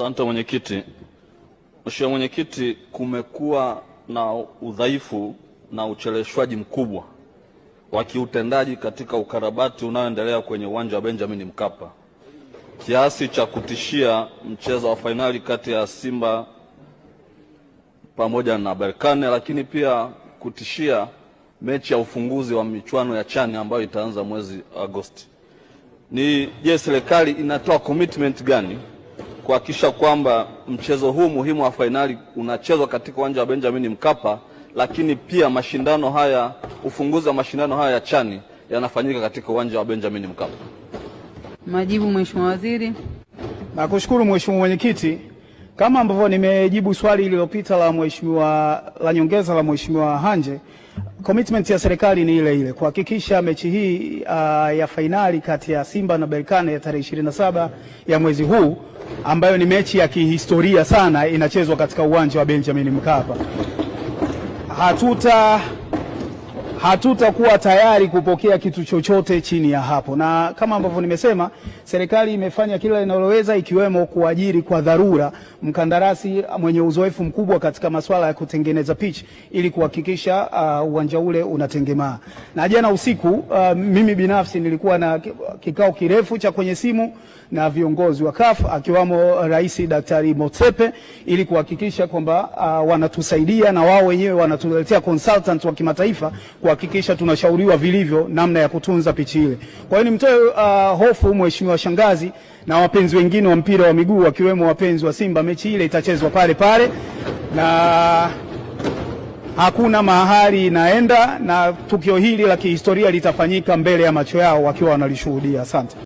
Asante mwenyekiti. Mheshimiwa mwenyekiti, kumekuwa na udhaifu na ucheleshwaji mkubwa wa kiutendaji katika ukarabati unaoendelea kwenye uwanja wa Benjamin Mkapa kiasi cha kutishia mchezo wa fainali kati ya Simba pamoja na Berkane, lakini pia kutishia mechi ya ufunguzi wa michuano ya chani ambayo itaanza mwezi Agosti. Ni je, yes, serikali inatoa commitment gani kuhakikisha kwamba mchezo huu muhimu wa fainali unachezwa katika uwanja wa Benjamin Mkapa, lakini pia mashindano haya, ufunguzi wa mashindano haya ya chani yanafanyika katika uwanja wa Benjamin Mkapa. Majibu, Mheshimiwa Waziri. Nakushukuru Mheshimiwa Mwenyekiti, kama ambavyo nimejibu swali lililopita la mheshimiwa la nyongeza la Mheshimiwa Hanje, commitment ya serikali ni ile ile kuhakikisha mechi hii uh, ya fainali kati ya Simba na Berkane ya tarehe 27 ya mwezi huu ambayo ni mechi ya kihistoria sana inachezwa katika uwanja wa Benjamin Mkapa. Hatuta hatutakuwa tayari kupokea kitu chochote chini ya hapo, na kama ambavyo nimesema, serikali imefanya kila inaloweza ikiwemo kuajiri kwa dharura mkandarasi mwenye uzoefu mkubwa katika masuala ya kutengeneza pitch ili kuhakikisha uh, uwanja uh, ule unatengemaa. Na jana usiku uh, mimi binafsi nilikuwa na kikao kirefu cha kwenye simu na viongozi wa CAF akiwamo Rais Daktari Motsepe ili kuhakikisha kwamba uh, wanatusaidia na wao wenyewe wanatuletea consultant wa kimataifa kuhakikisha tunashauriwa vilivyo namna ya kutunza pichi ile. Kwa hiyo nimtoe uh, hofu Mheshimiwa Shangazi na wapenzi wengine wa mpira wa miguu wakiwemo wapenzi wa Simba, mechi ile itachezwa pale pale na hakuna mahali inaenda, na tukio hili la kihistoria litafanyika mbele ya macho yao wakiwa wanalishuhudia. Asante.